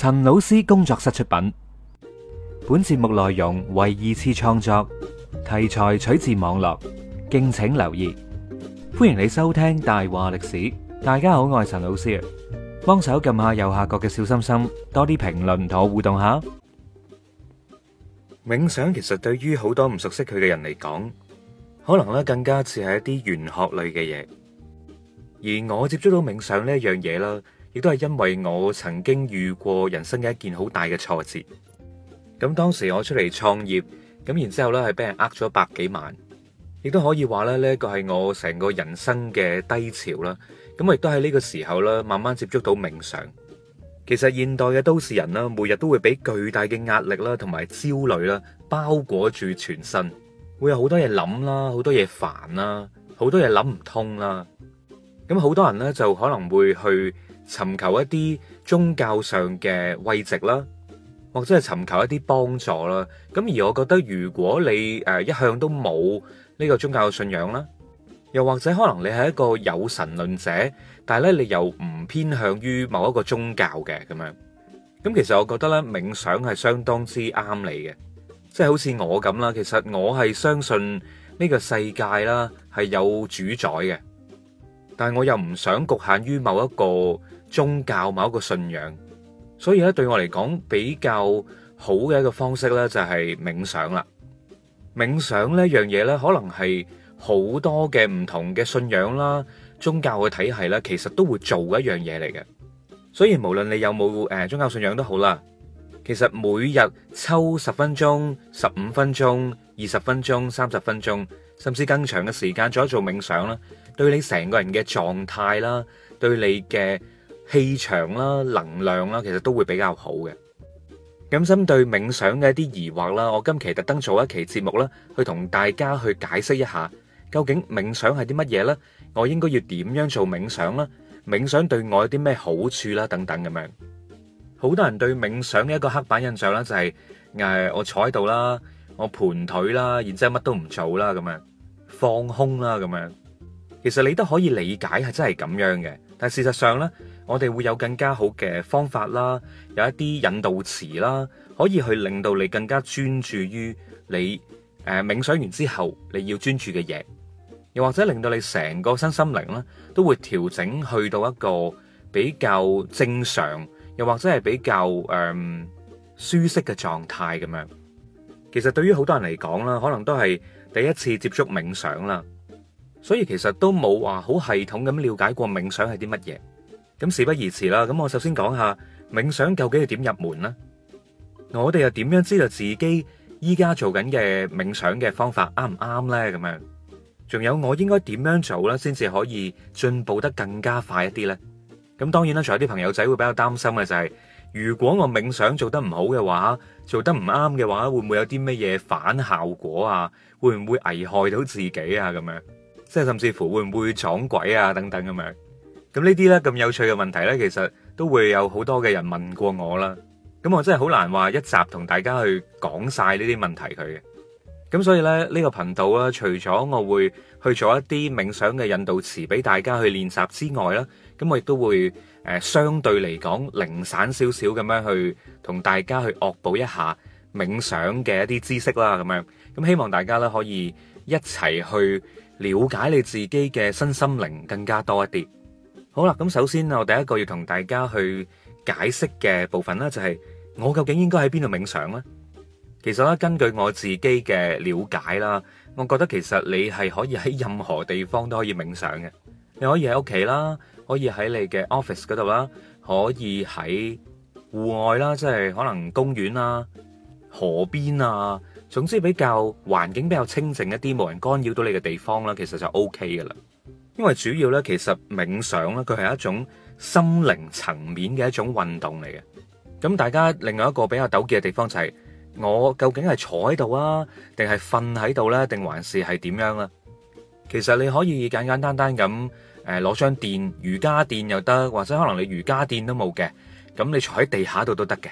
陳老師工作室出品，本節目內容為二次創作，題材取自網絡，敬請留意。歡迎你收聽《大話歷史》，大家好，我係陳老師。幫手撳下右下角嘅小心心，多啲評論同我互動下。冥想其實對於好多唔熟悉佢嘅人嚟講，可能咧更加似係一啲玄學類嘅嘢，而我接觸到冥想呢一樣嘢啦。亦都係因為我曾經遇過人生嘅一件好大嘅挫折，咁當時我出嚟創業，咁然之後咧係俾人呃咗百幾萬，亦都可以話咧呢一個係我成個人生嘅低潮啦。咁我亦都喺呢個時候呢，慢慢接觸到冥想。其實現代嘅都市人啦，每日都會俾巨大嘅壓力啦，同埋焦慮啦，包裹住全身，會有好多嘢諗啦，好多嘢煩啦，好多嘢諗唔通啦。咁好多人呢，就可能會去。尋求一啲宗教上嘅慰藉啦，或者係尋求一啲幫助啦。咁而我覺得，如果你誒一向都冇呢個宗教嘅信仰啦，又或者可能你係一個有神論者，但係咧你又唔偏向於某一個宗教嘅咁樣。咁其實我覺得咧，冥想係相當之啱你嘅，即係好似我咁啦。其實我係相信呢個世界啦係有主宰嘅，但係我又唔想局限於某一個。宗教某一個信仰，所以咧對我嚟講比較好嘅一個方式咧就係冥想啦。冥想呢一樣嘢咧，可能係好多嘅唔同嘅信仰啦、宗教嘅體系啦，其實都會做一樣嘢嚟嘅。所以無論你有冇誒宗教信仰都好啦，其實每日抽十分鐘、十五分鐘、二十分鐘、三十分鐘，甚至更長嘅時間做一做冥想啦，對你成個人嘅狀態啦，對你嘅。氣場啦、能量啦，其實都會比較好嘅。咁針對冥想嘅一啲疑惑啦，我今期特登做一期節目啦，去同大家去解釋一下，究竟冥想係啲乜嘢咧？我應該要點樣做冥想咧？冥想對我有啲咩好處啦？等等咁樣。好多人對冥想嘅一個刻板印象咧，就係誒我坐喺度啦，我盤腿啦，然之後乜都唔做啦，咁樣放空啦，咁樣。其實你都可以理解係真係咁樣嘅，但係事實上咧。我哋會有更加好嘅方法啦，有一啲引導詞啦，可以去令到你更加專注於你誒、呃、冥想完之後你要專注嘅嘢，又或者令到你成個身心靈咧都會調整去到一個比較正常，又或者係比較誒、呃、舒適嘅狀態咁樣。其實對於好多人嚟講啦，可能都係第一次接觸冥想啦，所以其實都冇話好系統咁了解過冥想係啲乜嘢。咁事不宜遲啦，咁我首先講下冥想究竟係點入門呢？我哋又點樣知道自己依家做緊嘅冥想嘅方法啱唔啱呢？咁樣，仲有我應該點樣做啦，先至可以進步得更加快一啲呢？咁當然啦，仲有啲朋友仔會比較擔心嘅就係，如果我冥想做得唔好嘅話，做得唔啱嘅話，會唔會有啲乜嘢反效果啊？會唔會危害到自己啊？咁樣，即係甚至乎會唔會撞鬼啊？等等咁樣。咁呢啲呢，咁有趣嘅問題呢，其實都會有好多嘅人問過我啦。咁我真係好難話一集同大家去講晒呢啲問題佢嘅。咁所以呢，呢、呢個頻道啊，除咗我會去做一啲冥想嘅引導詞俾大家去練習之外啦，咁我亦都會誒、呃、相對嚟講零散少少咁樣去同大家去惡補一下冥想嘅一啲知識啦。咁樣咁希望大家呢，可以一齊去了解你自己嘅身心靈更加多一啲。好啦，咁首先我第一個要同大家去解釋嘅部分呢，就係我究竟應該喺邊度冥想呢？其實咧，根據我自己嘅了解啦，我覺得其實你係可以喺任何地方都可以冥想嘅。你可以喺屋企啦，可以喺你嘅 office 嗰度啦，可以喺戶外啦，即係可能公園啦、河邊啊，總之比較環境比較清靜一啲、冇人干擾到你嘅地方啦，其實就 OK 噶啦。因為主要呢，其實冥想呢，佢係一種心靈層面嘅一種運動嚟嘅。咁大家另外一個比較糾結嘅地方就係、是，我究竟係坐喺度啊，定係瞓喺度咧，定還是係點樣啦？其實你可以簡簡單單咁，誒、呃，攞張墊瑜伽墊又得，或者可能你瑜伽墊都冇嘅，咁你坐喺地下度都得嘅。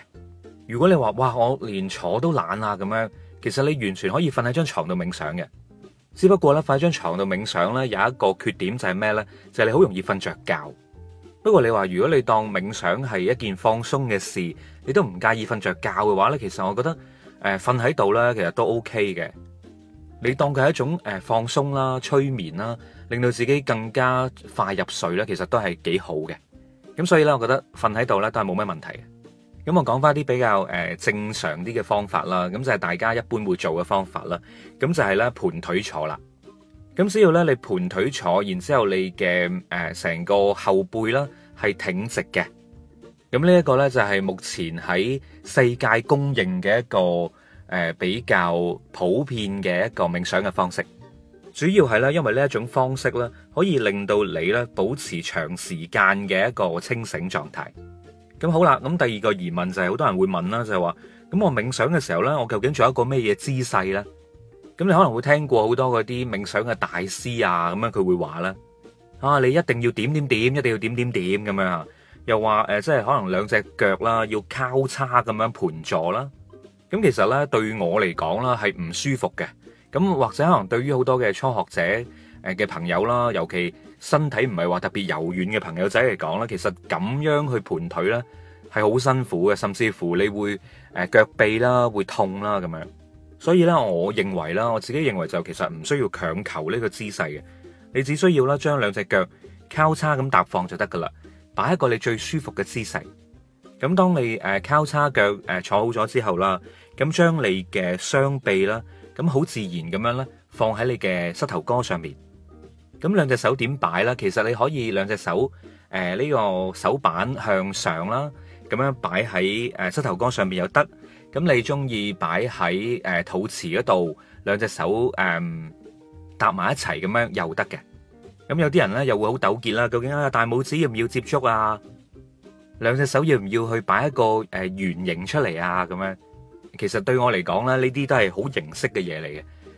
如果你話哇，我連坐都懶啊咁樣，其實你完全可以瞓喺張床度冥想嘅。只不過咧，喺張床度冥想咧，有一個缺點就係咩咧？就係、是、你好容易瞓着覺。不過你話，如果你當冥想係一件放鬆嘅事，你都唔介意瞓着覺嘅話咧，其實我覺得誒，瞓喺度咧，其實都 OK 嘅。你當佢係一種誒、呃、放鬆啦、催眠啦，令到自己更加快入睡咧，其實都係幾好嘅。咁所以咧，我覺得瞓喺度咧都係冇咩問題。咁我講翻啲比較誒、呃、正常啲嘅方法啦，咁就係大家一般會做嘅方法啦。咁就係咧盤腿坐啦。咁只要咧你盤腿坐，然之後你嘅誒成個後背啦係挺直嘅。咁呢一個咧就係目前喺世界公認嘅一個誒、呃、比較普遍嘅一個冥想嘅方式。主要係咧因為呢一種方式咧可以令到你咧保持長時間嘅一個清醒狀態。咁好啦，咁第二個疑問就係好多人會問啦，就係話：「咁我冥想嘅時候呢，我究竟做一個咩嘢姿勢呢？」咁你可能會聽過好多嗰啲冥想嘅大師啊，咁樣佢會話啦：「啊，你一定要點點點，一定要點點點咁樣，又話誒，即係可能兩隻腳啦，要交叉咁樣盤坐啦。咁其實呢，對我嚟講啦，係唔舒服嘅。咁或者可能對於好多嘅初學者誒嘅朋友啦，尤其身體唔係話特別柔軟嘅朋友仔嚟講啦，其實咁樣去盤腿咧係好辛苦嘅，甚至乎你會誒腳臂啦會痛啦咁樣。所以咧，我認為啦，我自己認為就其實唔需要強求呢個姿勢嘅，你只需要咧將兩隻腳交叉咁搭放就得噶啦，擺一個你最舒服嘅姿勢。咁當你誒交叉腳誒坐好咗之後啦，咁將你嘅雙臂啦，咁好自然咁樣咧放喺你嘅膝頭哥上面。咁兩隻手點擺啦？其實你可以兩隻手誒呢個手板向上啦，咁樣擺喺誒膝頭哥上面又得。咁你中意擺喺誒肚臍嗰度，兩隻手誒搭埋一齊咁樣又得嘅。咁有啲人咧又會好糾結啦。究竟啊大拇指要唔要接觸啊？兩隻手要唔要去擺一個誒圓形出嚟啊？咁樣其實對我嚟講咧，呢啲都係好形式嘅嘢嚟嘅。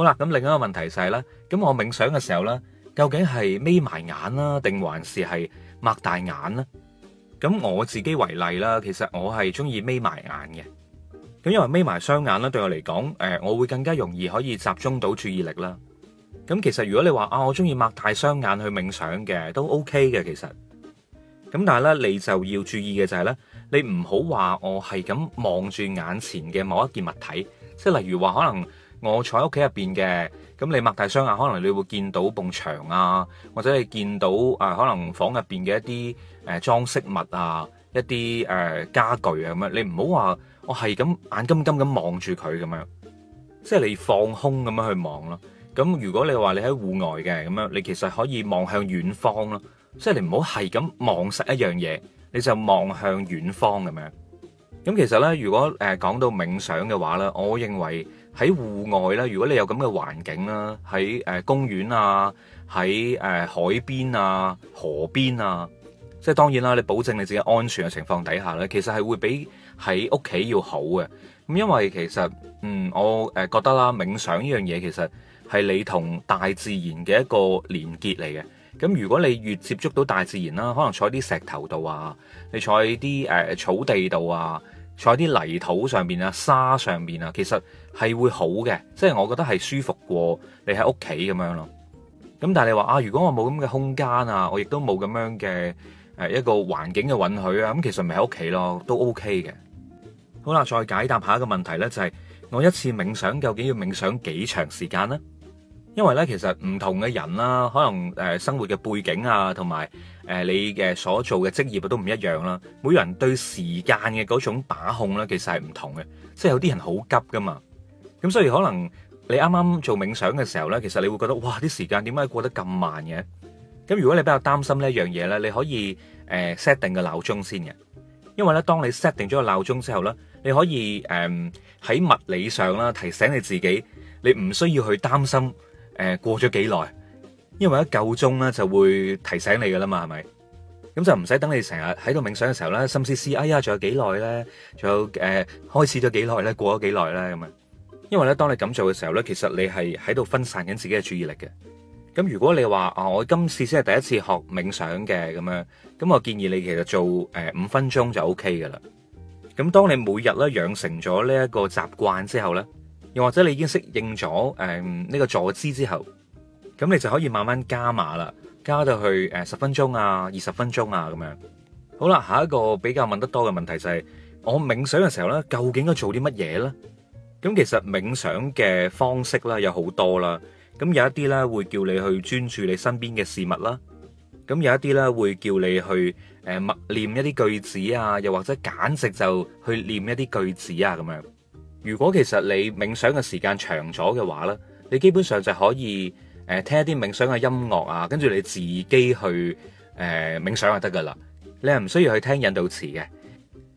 好啦，咁另一個問題就係咧，咁我冥想嘅時候咧，究竟係眯埋眼啦，定還是係擘大眼咧？咁我自己為例啦，其實我係中意眯埋眼嘅，咁因為眯埋雙眼咧，對我嚟講，誒、呃，我會更加容易可以集中到注意力啦。咁其實如果你話啊，我中意擘大雙眼去冥想嘅，都 OK 嘅，其實。咁但係咧，你就要注意嘅就係咧，你唔好話我係咁望住眼前嘅某一件物體，即係例如話可能。我坐喺屋企入邊嘅，咁你擘大雙眼，可能你會見到埲牆啊，或者你見到誒、呃、可能房入邊嘅一啲誒裝飾物啊，一啲誒傢俱啊咁樣，你唔好話我係咁眼金金咁望住佢咁樣，即係你放空咁樣去望咯。咁如果你話你喺戶外嘅咁樣，你其實可以望向遠方咯，即係你唔好係咁望實一樣嘢，你就望向遠方咁樣。咁其實咧，如果誒講到冥想嘅話咧，我認為喺戶外咧，如果你有咁嘅環境啦，喺誒公園啊，喺誒海邊啊、河邊啊，即係當然啦，你保證你自己安全嘅情況底下咧，其實係會比喺屋企要好嘅。咁因為其實嗯，我誒覺得啦，冥想呢樣嘢其實係你同大自然嘅一個連結嚟嘅。咁如果你越接觸到大自然啦，可能坐啲石頭度啊，你坐喺啲誒草地度啊，坐喺啲泥土上面啊、沙上面啊，其實係會好嘅，即係我覺得係舒服過你喺屋企咁樣咯。咁但係你話啊，如果我冇咁嘅空間啊，我亦都冇咁樣嘅誒、呃、一個環境嘅允許啊，咁其實咪喺屋企咯，都 OK 嘅。好啦，再解答下一個問題呢，就係、是、我一次冥想究竟要冥想幾長時間呢？因為咧，其實唔同嘅人啦，可能誒生活嘅背景啊，同埋誒你嘅所做嘅職業都唔一樣啦。每人對時間嘅嗰種把控咧，其實係唔同嘅，即係有啲人好急噶嘛。咁所以可能你啱啱做冥想嘅時候咧，其實你會覺得哇，啲時間點解過得咁慢嘅？咁如果你比較擔心呢一樣嘢咧，你可以誒 set、呃、定個鬧鐘先嘅。因為咧，當你 set 定咗個鬧鐘之後咧，你可以誒喺、呃、物理上啦提醒你自己，你唔需要去擔心。誒，過咗幾耐？因為一夠鐘咧就會提醒你噶啦嘛，係咪？咁就唔使等你成日喺度冥想嘅時候咧，心思思，哎呀，仲有幾耐咧？仲有誒，開始咗幾耐咧？過咗幾耐咧？咁樣？因為咧，當你咁做嘅時候咧，其實你係喺度分散緊自己嘅注意力嘅。咁如果你話啊，我今次先係第一次學冥想嘅，咁樣，咁我建議你其實做誒五分鐘就 OK 噶啦。咁當你每日咧養成咗呢一個習慣之後咧，又或者你已經適應咗誒呢個坐姿之後，咁你就可以慢慢加碼啦，加到去誒十分鐘啊、二十分鐘啊咁樣。好啦，下一個比較問得多嘅問題就係，我冥想嘅時候呢，究竟該做啲乜嘢呢？咁、嗯、其實冥想嘅方式啦有好多啦，咁有一啲呢，會叫你去專注你身邊嘅事物啦，咁有一啲呢，會叫你去誒默唸一啲句子啊，又或者簡直就去念一啲句子啊咁樣。如果其實你冥想嘅時間長咗嘅話呢，你基本上就可以誒聽一啲冥想嘅音樂啊，跟住你自己去誒、呃、冥想就得噶啦。你係唔需要去聽引導詞嘅。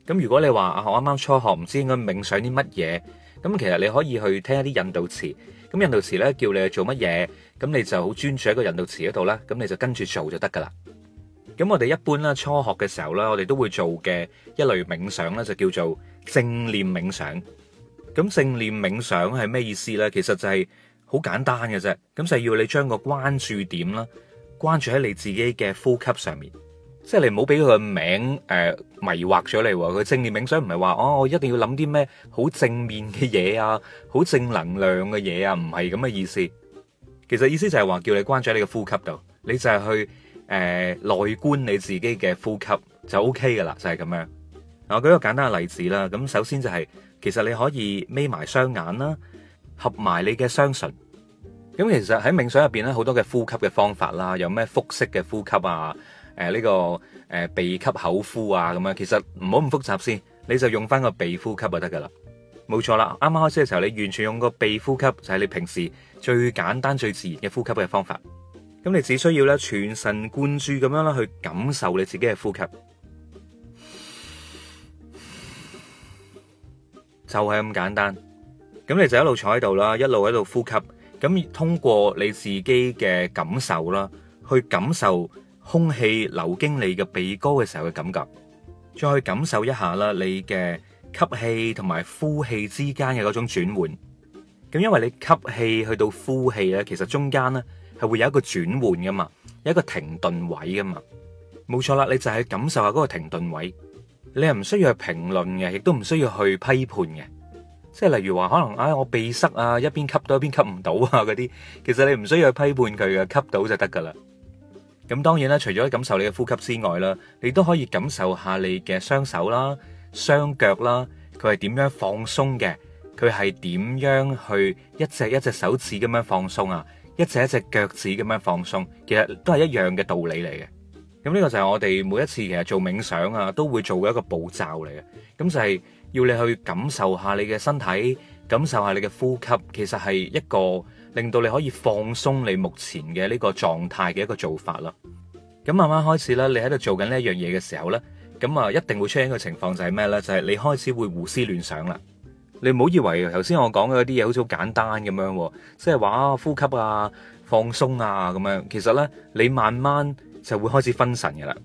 咁如果你話啊，我啱啱初學唔知應該冥想啲乜嘢，咁其實你可以去聽一啲引導詞。咁引導詞呢，叫你去做乜嘢，咁你就好專注喺個引導詞嗰度啦。咁你就跟住做就得噶啦。咁我哋一般啦，初學嘅時候呢，我哋都會做嘅一類冥想呢，就叫做正念冥想。咁正念冥想係咩意思呢？其實就係好簡單嘅啫，咁就係要你將個關注點啦，關注喺你自己嘅呼吸上面，即係你唔好俾佢個名誒迷惑咗你。佢正念冥想唔係話哦，我一定要諗啲咩好正面嘅嘢啊，好正能量嘅嘢啊，唔係咁嘅意思。其實意思就係話叫你關注喺你嘅呼吸度，你就係去誒內觀你自己嘅呼吸就 O K 噶啦，就係咁樣。我舉一個簡單嘅例子啦，咁首先就係。其實你可以眯埋雙眼啦，合埋你嘅雙唇。咁其實喺冥想入邊咧，好多嘅呼吸嘅方法啦，有咩腹式嘅呼吸啊，誒、呃、呢、這個誒、呃、鼻吸口呼啊咁樣。其實唔好咁複雜先，你就用翻個鼻呼吸就得噶啦。冇錯啦，啱啱開始嘅時候，你完全用個鼻呼吸就係、是、你平時最簡單最自然嘅呼吸嘅方法。咁你只需要咧全神貫注咁樣咧去感受你自己嘅呼吸。就係咁簡單，咁你就一路坐喺度啦，一路喺度呼吸，咁通過你自己嘅感受啦，去感受空氣流經你嘅鼻哥嘅時候嘅感覺，再去感受一下啦，你嘅吸氣同埋呼氣之間嘅嗰種轉換，咁因為你吸氣去到呼氣咧，其實中間呢係會有一個轉換噶嘛，有一個停頓位噶嘛，冇錯啦，你就係感受下嗰個停頓位。你係唔需要去評論嘅，亦都唔需要去批判嘅。即係例如話，可能啊、哎，我鼻塞啊，一邊吸到一邊吸唔到啊，嗰啲其實你唔需要去批判佢嘅，吸到就得噶啦。咁當然啦，除咗感受你嘅呼吸之外啦，你都可以感受下你嘅雙手啦、雙腳啦，佢係點樣放鬆嘅？佢係點樣去一隻一隻手指咁樣放鬆啊？一隻一隻腳趾咁樣放鬆，其實都係一樣嘅道理嚟嘅。咁呢個就係我哋每一次其實做冥想啊，都會做嘅一個步驟嚟嘅。咁就係要你去感受下你嘅身體，感受下你嘅呼吸。其實係一個令到你可以放鬆你目前嘅呢個狀態嘅一個做法啦。咁慢慢開始咧，你喺度做緊呢一樣嘢嘅時候呢，咁啊，一定會出現一個情況就係咩呢？就係你開始會胡思亂想啦。你唔好以為頭先我講嘅啲嘢好似好簡單咁樣，即係話呼吸啊、放鬆啊咁樣。其實呢，你慢慢。就會開始分神嘅啦，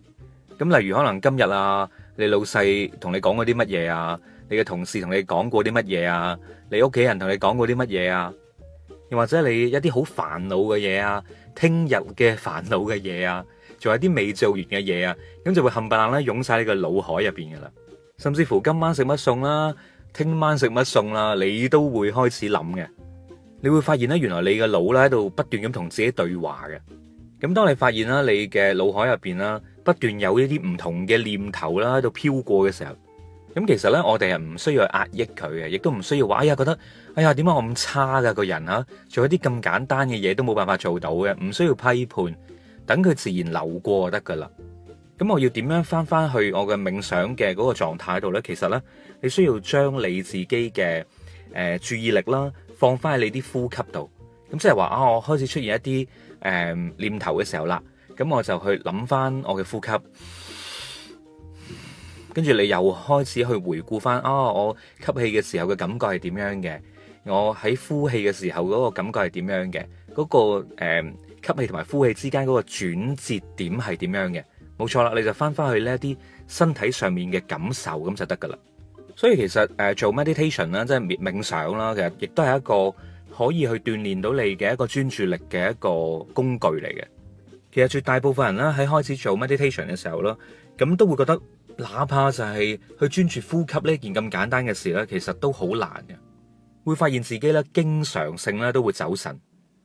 咁例如可能今日啊，你老細同你講過啲乜嘢啊，你嘅同事同你講過啲乜嘢啊，你屋企人同你講過啲乜嘢啊，又或者你一啲好煩惱嘅嘢啊，聽日嘅煩惱嘅嘢啊，仲有啲未做完嘅嘢啊，咁就會冚唪唥咧湧晒你個腦海入邊嘅啦，甚至乎今晚食乜餸啦，聽晚食乜餸啦，你都會開始諗嘅，你會發現咧原來你嘅腦咧喺度不斷咁同自己對話嘅。咁，當你發現啦，你嘅腦海入邊啦，不斷有一啲唔同嘅念頭啦，喺度飄過嘅時候，咁其實呢，我哋係唔需要去壓抑佢嘅，亦都唔需要話，哎呀，覺得，哎呀，點解我咁差噶個人啊？做一啲咁簡單嘅嘢都冇辦法做到嘅，唔需要批判，等佢自然流過就得噶啦。咁我要點樣翻翻去我嘅冥想嘅嗰個狀態度呢？其實呢，你需要將你自己嘅誒、呃、注意力啦，放翻喺你啲呼吸度。咁即係話啊，我開始出現一啲。誒、um, 念頭嘅時候啦，咁我就去諗翻我嘅呼吸，跟住你又開始去回顧翻啊，我吸氣嘅時候嘅感覺係點樣嘅？我喺呼氣嘅時候嗰個感覺係、那個嗯、點樣嘅？嗰個吸氣同埋呼氣之間嗰個轉折點係點樣嘅？冇錯啦，你就翻翻去呢一啲身體上面嘅感受咁就得噶啦。所以其實誒做 meditation 啦，即係冥冥想啦，其實亦都係一個。可以去鍛煉到你嘅一個專注力嘅一個工具嚟嘅。其實絕大部分人啦，喺開始做 meditation 嘅時候啦，咁都會覺得哪怕就係去專注呼吸呢件咁簡單嘅事呢，其實都好難嘅。會發現自己呢經常性呢都會走神，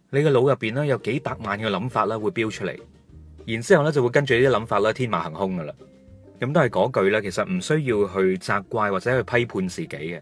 你嘅腦入邊呢有幾百萬嘅諗法呢會飆出嚟，然之後咧就會跟住呢啲諗法咧天馬行空噶啦。咁都係嗰句咧，其實唔需要去責怪或者去批判自己嘅。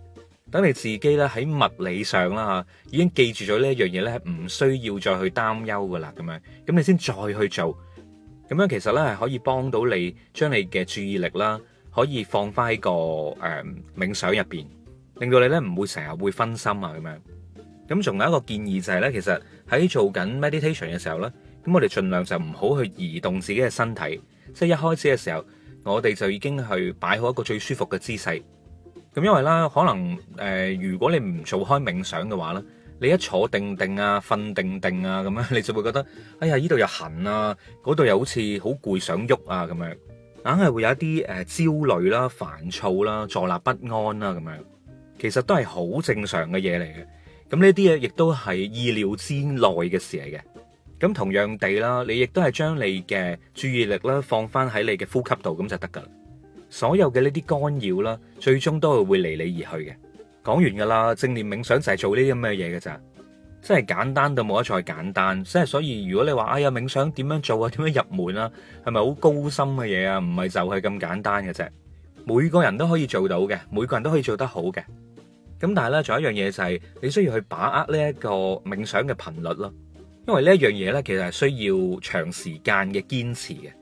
等你自己咧喺物理上啦嚇，已經記住咗呢一樣嘢咧，唔需要再去擔憂噶啦咁樣，咁你先再去做，咁樣其實咧係可以幫到你將你嘅注意力啦，可以放翻喺個誒、呃、冥想入邊，令到你咧唔會成日會分心啊咁樣。咁仲有一個建議就係、是、咧，其實喺做緊 meditation 嘅時候咧，咁我哋盡量就唔好去移動自己嘅身體，即、就、係、是、一開始嘅時候，我哋就已經去擺好一個最舒服嘅姿勢。咁因為啦，可能誒、呃，如果你唔做開冥想嘅話咧，你一坐定定啊、瞓定定啊咁樣，你就會覺得，哎呀，呢度又痕啊，嗰度又好似好攰，想喐啊咁樣，硬係會有一啲誒、呃、焦慮啦、煩躁啦、坐立不安啦咁樣，其實都係好正常嘅嘢嚟嘅。咁呢啲嘢亦都係意料之內嘅事嚟嘅。咁同樣地啦，你亦都係將你嘅注意力啦放翻喺你嘅呼吸度，咁就得噶啦。所有嘅呢啲干擾啦，最終都係會離你而去嘅。講完㗎啦，正念冥想就係做呢啲咩嘢㗎咋？真係簡單到冇得再簡單。即係所以，如果你話哎呀，冥想點樣做啊，點樣入門啊，係咪好高深嘅嘢啊？唔係就係咁簡單嘅啫，每個人都可以做到嘅，每個人都可以做得好嘅。咁但係咧，仲有一樣嘢就係你需要去把握呢一個冥想嘅頻率咯，因為呢一樣嘢咧其實係需要長時間嘅堅持嘅。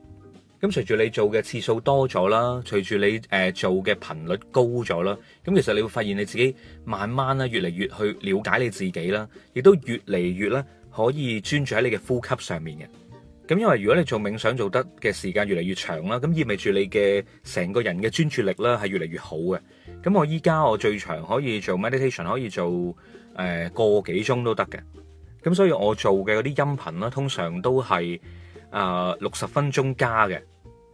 咁隨住你做嘅次數多咗啦，隨住你誒、呃、做嘅頻率高咗啦，咁其實你會發現你自己慢慢啦，越嚟越去了解你自己啦，亦都越嚟越咧可以專注喺你嘅呼吸上面嘅。咁因為如果你做冥想做得嘅時間越嚟越長啦，咁意味住你嘅成個人嘅專注力啦係越嚟越好嘅。咁我依家我最長可以做 meditation 可以做誒、呃、個幾鐘都得嘅。咁所以我做嘅嗰啲音頻啦，通常都係。啊，六十、uh, 分鐘加嘅，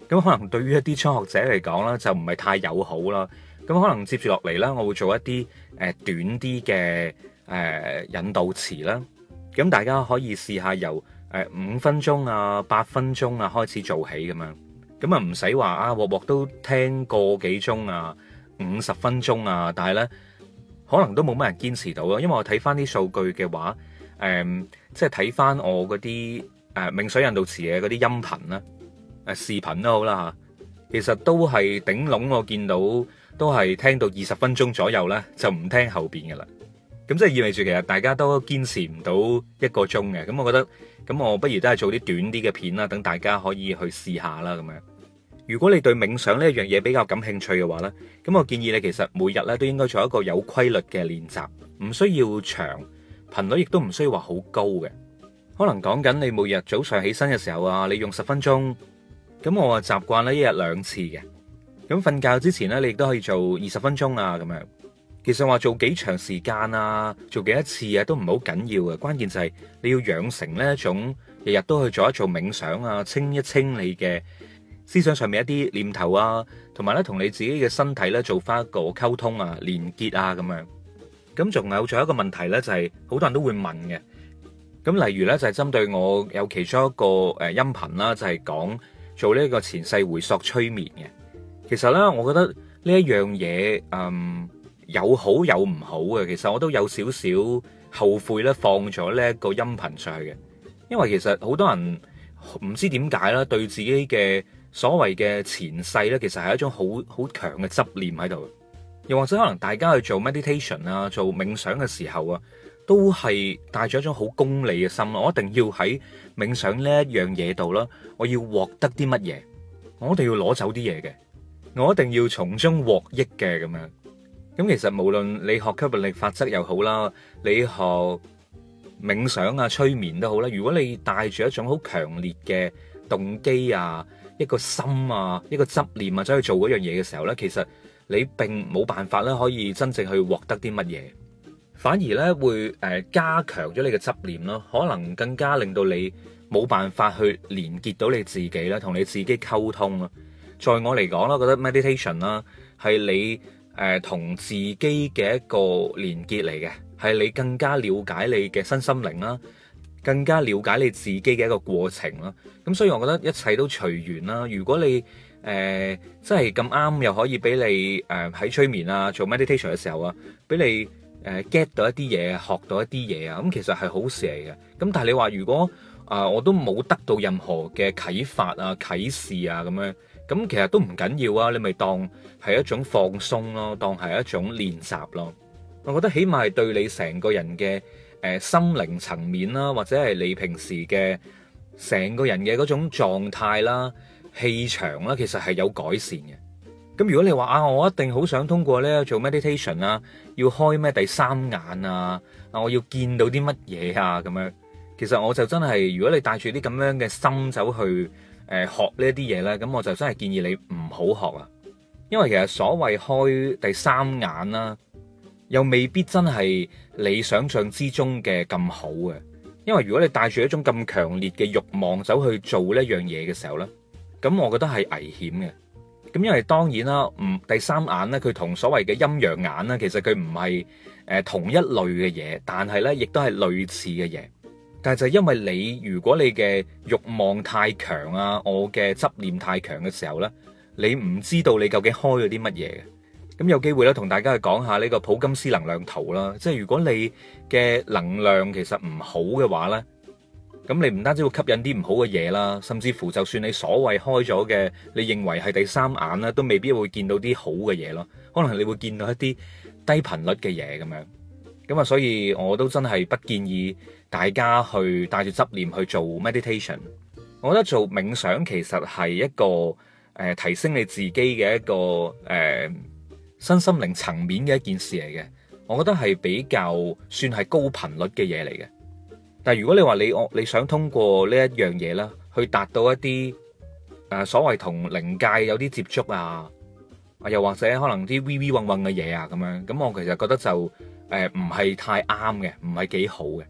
咁可能對於一啲初學者嚟講咧，就唔係太友好啦。咁可能接住落嚟咧，我會做一啲誒、呃、短啲嘅誒引導詞啦。咁大家可以試下由誒五、呃、分鐘啊、八分鐘啊開始做起咁樣。咁啊唔使話啊，鑊鑊都聽個幾鐘啊、五十分鐘啊，但係呢，可能都冇乜人堅持到咯。因為我睇翻啲數據嘅話，誒、嗯、即係睇翻我嗰啲。誒、啊，冥想引導詞嘅嗰啲音頻啦，誒、啊、視頻都好啦吓、啊，其實都係頂籠我見到都係聽到二十分鐘左右啦，就唔聽後邊嘅啦。咁即係意味住，其實大家都堅持唔到一個鐘嘅。咁我覺得，咁我不如都係做啲短啲嘅片啦，等大家可以去試下啦咁樣。如果你對冥想呢樣嘢比較感興趣嘅話咧，咁我建議你其實每日咧都應該做一個有規律嘅練習，唔需要長，頻率，亦都唔需要話好高嘅。可能講緊你每日早上起身嘅時候啊，你用十分鐘，咁我啊習慣咧一日兩次嘅，咁瞓覺之前咧你亦都可以做二十分鐘啊，咁樣。其實話做幾長時間啊，做幾多次啊，都唔好緊要嘅，關鍵就係你要養成咧一種日日都去做一做冥想啊，清一清你嘅思想上面一啲念頭啊，同埋咧同你自己嘅身體咧做翻一個溝通啊、連結啊咁樣。咁仲有仲有一個問題咧，就係好多人都會問嘅。咁例如呢，就係針對我有其中一個誒音頻啦，就係講做呢一個前世回溯催眠嘅。其實呢，我覺得呢一樣嘢，嗯，有好有唔好嘅。其實我都有少少後悔呢放咗呢一個音頻上去嘅。因為其實好多人唔知點解啦，對自己嘅所謂嘅前世呢，其實係一種好好強嘅執念喺度。又或者可能大家去做 meditation 啊，做冥想嘅時候啊。都係帶住一種好功利嘅心咯，我一定要喺冥想呢一樣嘢度啦，我要獲得啲乜嘢，我一定要攞走啲嘢嘅，我一定要從中獲益嘅咁樣。咁其實無論你學吸引力法則又好啦，你學冥想啊、催眠都好啦，如果你帶住一種好強烈嘅動機啊、一個心啊、一個執念啊，走去做一樣嘢嘅時候呢，其實你並冇辦法咧，可以真正去獲得啲乜嘢。反而咧，會誒加強咗你嘅執念咯，可能更加令到你冇辦法去連結到你自己啦，同你自己溝通啦。在我嚟講啦，我覺得 meditation 啦係你誒、呃、同自己嘅一個連結嚟嘅，係你更加了解你嘅身心靈啦，更加了解你自己嘅一個過程啦。咁所以，我覺得一切都隨緣啦。如果你誒、呃、真係咁啱，又可以俾你誒喺、呃、催眠啊，做 meditation 嘅時候啊，俾你，誒 get 到一啲嘢，學到一啲嘢啊！咁其實係好事嚟嘅。咁但係你話如果啊、呃，我都冇得到任何嘅啟發啊、啟示啊咁樣，咁其實都唔緊要啊！你咪當係一種放鬆咯、啊，當係一種練習咯、啊。我覺得起碼係對你成個人嘅誒、呃、心靈層面啦、啊，或者係你平時嘅成個人嘅嗰種狀態啦、啊、氣場啦、啊，其實係有改善嘅。咁如果你話啊，我一定好想通過呢做 meditation 啊，要開咩第三眼啊，啊我要見到啲乜嘢啊咁樣，其實我就真係，如果你帶住啲咁樣嘅心走去誒學呢啲嘢呢，咁我就真係建議你唔好學啊，因為其實所謂開第三眼啦，又未必真係你想象之中嘅咁好嘅，因為如果你帶住一種咁強烈嘅慾望走去做呢樣嘢嘅時候呢，咁我覺得係危險嘅。咁因為當然啦，唔第三眼咧，佢同所謂嘅陰陽眼啦，其實佢唔係誒同一類嘅嘢，但係咧亦都係類似嘅嘢。但係就因為你如果你嘅欲望太強啊，我嘅執念太強嘅時候咧，你唔知道你究竟開咗啲乜嘢嘅。咁有機會咧，同大家去講下呢個普金斯能量圖啦。即係如果你嘅能量其實唔好嘅話咧。咁你唔單止會吸引啲唔好嘅嘢啦，甚至乎就算你所謂開咗嘅，你認為係第三眼咧，都未必會見到啲好嘅嘢咯。可能你會見到一啲低頻率嘅嘢咁樣，咁啊，所以我都真係不建議大家去帶住執念去做 meditation。我覺得做冥想其實係一個誒、呃、提升你自己嘅一個誒、呃、身心靈層面嘅一件事嚟嘅。我覺得係比較算係高頻率嘅嘢嚟嘅。但係如果你話你我你想通過呢一樣嘢啦，去達到一啲誒、呃、所謂同靈界有啲接觸啊，又或者可能啲微微運運嘅嘢啊咁樣，咁我其實覺得就誒唔係太啱嘅，唔係幾好嘅。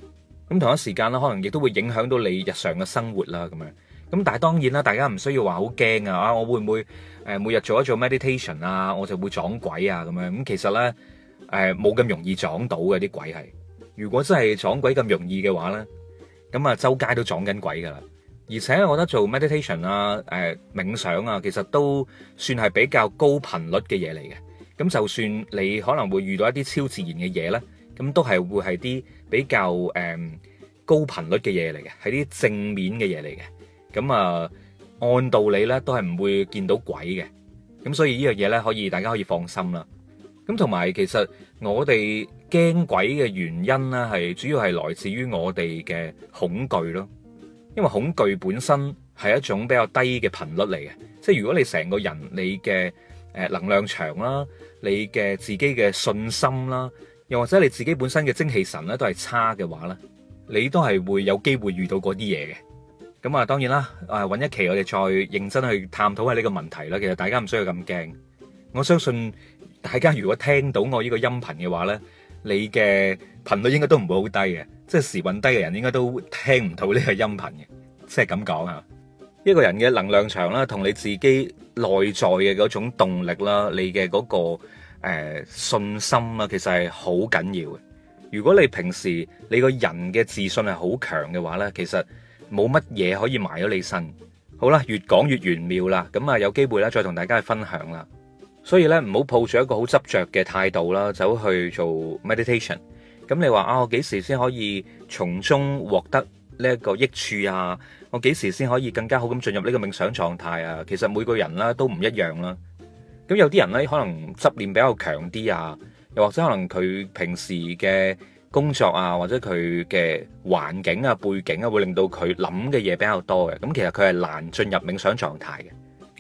咁同一時間咧，可能亦都會影響到你日常嘅生活啦、啊、咁樣。咁但係當然啦，大家唔需要話好驚啊！啊，我會唔會誒每日做一做 meditation 啊，我就會撞鬼啊咁樣？咁其實咧誒冇咁容易撞到嘅啲鬼係。如果真係撞鬼咁容易嘅話呢，咁啊周街都撞緊鬼噶啦。而且我覺得做 meditation 啊、誒、呃、冥想啊，其實都算係比較高頻率嘅嘢嚟嘅。咁就算你可能會遇到一啲超自然嘅嘢呢，咁都係會係啲比較誒、嗯、高頻率嘅嘢嚟嘅，係啲正面嘅嘢嚟嘅。咁啊，按道理呢都係唔會見到鬼嘅。咁所以呢樣嘢呢，可以大家可以放心啦。咁同埋其實我哋驚鬼嘅原因呢，係主要係來自於我哋嘅恐懼咯。因為恐懼本身係一種比較低嘅頻率嚟嘅，即係如果你成個人你嘅誒能量場啦，你嘅自己嘅信心啦，又或者你自己本身嘅精氣神咧，都係差嘅話呢，你都係會有機會遇到嗰啲嘢嘅。咁啊，當然啦，誒，搵一期我哋再認真去探討下呢個問題啦。其實大家唔需要咁驚，我相信大家如果聽到我呢個音頻嘅話呢。你嘅頻率應該都唔會好低嘅，即係時運低嘅人應該都聽唔到呢個音頻嘅，即係咁講啊！一個人嘅能量場啦，同你自己內在嘅嗰種動力啦，你嘅嗰個、呃、信心啊，其實係好緊要嘅。如果你平時你個人嘅自信係好強嘅話呢，其實冇乜嘢可以埋咗你身。好啦，越講越玄妙啦，咁啊，有機會咧再同大家去分享啦。所以咧，唔好抱住一個好執着嘅態度啦，走去做 meditation。咁你話啊，我幾時先可以從中獲得呢一個益處啊？我幾時先可以更加好咁進入呢個冥想狀態啊？其實每個人啦都唔一樣啦、啊。咁有啲人呢，可能執念比較強啲啊，又或者可能佢平時嘅工作啊，或者佢嘅環境啊、背景啊，會令到佢諗嘅嘢比較多嘅。咁其實佢係難進入冥想狀態嘅。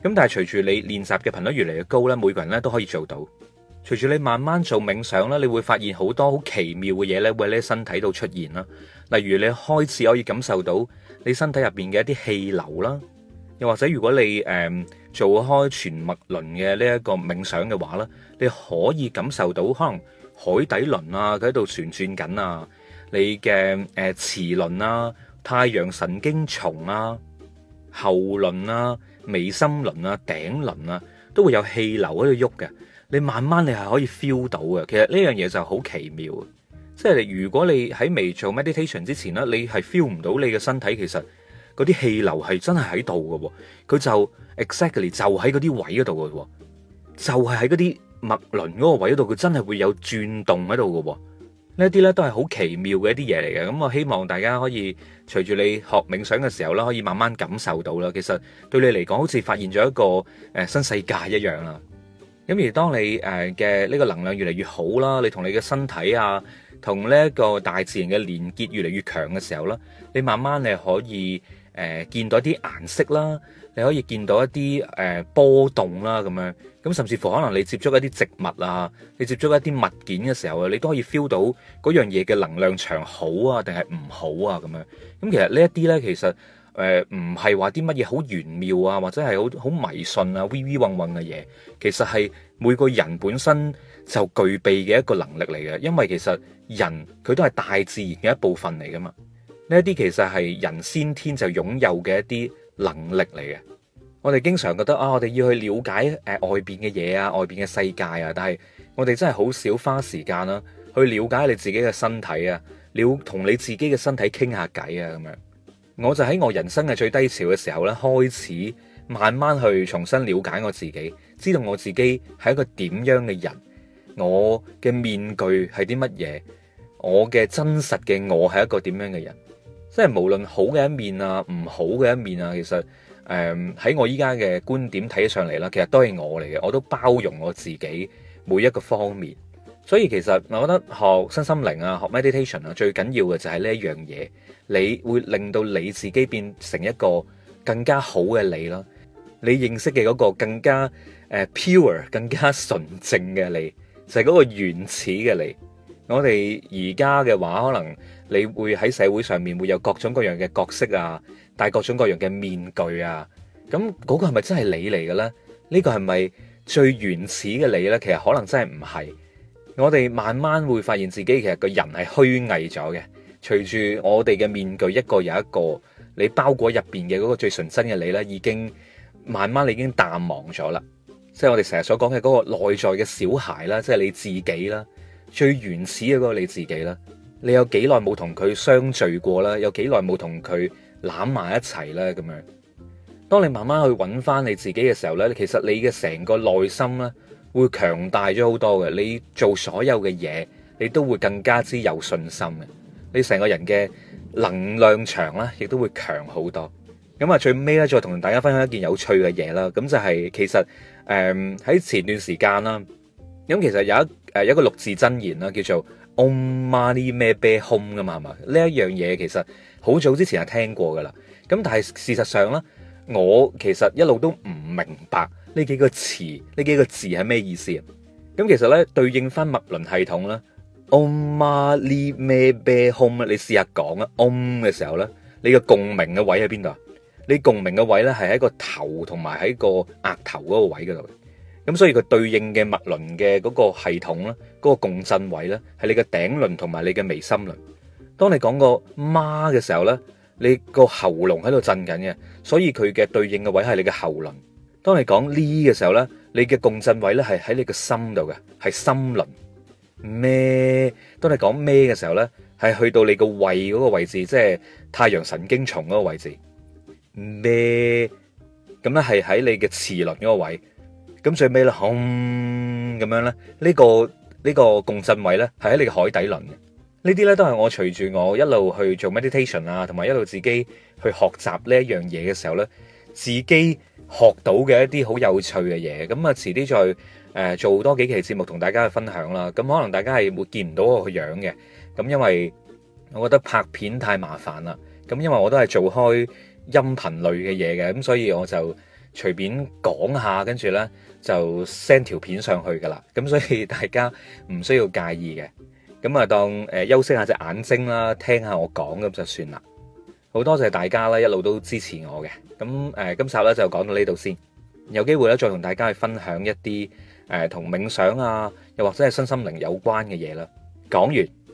咁但係隨住你練習嘅頻率越嚟越高咧，每個人咧都可以做到。隨住你慢慢做冥想咧，你會發現好多好奇妙嘅嘢咧，會喺你身體度出現啦。例如你開始可以感受到你身體入邊嘅一啲氣流啦，又或者如果你誒、嗯、做開全脈輪嘅呢一個冥想嘅話咧，你可以感受到可能海底輪啊，佢喺度旋轉緊啊，你嘅誒磁輪啊、太陽神經叢啊、喉輪啊。眉心輪啊、頂輪啊，都會有氣流喺度喐嘅。你慢慢你係可以 feel 到嘅。其實呢樣嘢就好奇妙。即係你如果你喺未做 meditation 之前咧，你係 feel 唔到你嘅身體其實嗰啲氣流係真係喺度嘅喎。佢就 exactly 就喺嗰啲位嗰度嘅喎，就係喺嗰啲脈輪嗰個位嗰度，佢真係會有轉動喺度嘅喎。呢啲咧都係好奇妙嘅一啲嘢嚟嘅，咁我希望大家可以隨住你學冥想嘅時候啦，可以慢慢感受到啦，其實對你嚟講好似發現咗一個誒新世界一樣啦。咁而當你誒嘅呢個能量越嚟越好啦，你同你嘅身體啊，同呢一個大自然嘅連結越嚟越強嘅時候啦，你慢慢你可以誒見到啲顏色啦，你可以見到一啲誒波動啦咁樣。咁甚至乎可能你接觸一啲植物啊，你接觸一啲物件嘅時候，你都可以 feel 到嗰樣嘢嘅能量場好啊，定係唔好啊咁樣。咁其實呢一啲呢，其實誒唔係話啲乜嘢好玄妙啊，或者係好好迷信啊、微微混混嘅嘢。其實係每個人本身就具備嘅一個能力嚟嘅，因為其實人佢都係大自然嘅一部分嚟噶嘛。呢一啲其實係人先天就擁有嘅一啲能力嚟嘅。我哋經常覺得啊，我哋要去了解誒外邊嘅嘢啊，外邊嘅世界啊，但係我哋真係好少花時間啦，去了解你自己嘅身體啊，了同你自己嘅身體傾下偈啊，咁樣。我就喺我人生嘅最低潮嘅時候呢，開始慢慢去重新了解我自己，知道我自己係一個點樣嘅人，我嘅面具係啲乜嘢，我嘅真實嘅我係一個點樣嘅人，即係無論好嘅一面啊，唔好嘅一面啊，其實。誒喺、um, 我依家嘅觀點睇上嚟啦，其實都係我嚟嘅，我都包容我自己每一個方面。所以其實我覺得學身心靈啊，學 meditation 啊，最緊要嘅就係呢一樣嘢，你會令到你自己變成一個更加好嘅你啦，你認識嘅嗰個更加誒 pure、更加純淨嘅你，就係、是、嗰個原始嘅你。我哋而家嘅話，可能你會喺社會上面會有各種各樣嘅角色啊，戴各種各樣嘅面具啊，咁嗰個係咪真係你嚟嘅咧？呢個係咪最原始嘅你呢？其實可能真係唔係。我哋慢慢會發現自己其實個人係虛偽咗嘅，隨住我哋嘅面具一個又一個，你包裹入邊嘅嗰個最純真嘅你呢，已經慢慢你已經淡忘咗啦。即係我哋成日所講嘅嗰個內在嘅小孩啦，即係你自己啦。最原始嘅嗰個你自己啦，你有幾耐冇同佢相聚過啦？有幾耐冇同佢攬埋一齊啦？咁樣，當你慢慢去揾返你自己嘅時候呢，其實你嘅成個內心咧會強大咗好多嘅。你做所有嘅嘢，你都會更加之有信心嘅。你成個人嘅能量場啦，亦都會強好多。咁啊，最尾咧，再同大家分享一件有趣嘅嘢啦。咁就係其實誒喺前段時間啦，咁其實有一。誒有一個六字真言啦，叫做 Om Mani Padme Hum 㗎嘛，係嘛？呢一樣嘢其實好早之前係聽過噶啦。咁但係事實上咧，我其實一路都唔明白呢幾個詞，呢幾個字係咩意思。咁其實咧對應翻脈輪系統咧，Om Mani Padme Hum 咧，你試下講啊，Om 嘅時候咧，你共鳴個共鳴嘅位喺邊度啊？你共鳴嘅位咧係喺個頭同埋喺個額頭嗰個位度。咁所以佢對應嘅脈輪嘅嗰個系統咧，嗰個共振位咧，係你嘅頂輪同埋你嘅眉心輪。當你講個媽嘅時候咧，你個喉嚨喺度震緊嘅，所以佢嘅對應嘅位係你嘅喉輪。當你講呢嘅時候咧，你嘅共振位咧係喺你個心度嘅，係心輪。咩？當你講咩嘅時候咧，係去到你個胃嗰個位置，即係太陽神經叢嗰個位置。咩？咁咧係喺你嘅臍輪嗰個位。咁最尾啦，咁樣咧，呢、這個呢、這個共振位呢，係喺你嘅海底輪嘅。呢啲呢，都係我隨住我一路去做 meditation 啊，同埋一路自己去學習呢一樣嘢嘅時候呢，自己學到嘅一啲好有趣嘅嘢。咁啊，遲啲再誒、呃、做多幾期節目同大家去分享啦。咁可能大家係會見唔到我個樣嘅，咁因為我覺得拍片太麻煩啦。咁因為我都係做開音頻類嘅嘢嘅，咁所以我就隨便講下，跟住呢。就 send 條片上去噶啦，咁所以大家唔需要介意嘅，咁啊當誒休息下隻眼睛啦，聽下我講咁就算啦。好多謝大家啦，一路都支持我嘅，咁誒今集咧就講到呢度先，有機會咧再同大家去分享一啲誒同冥想啊，又或者係身心靈有關嘅嘢啦。講完。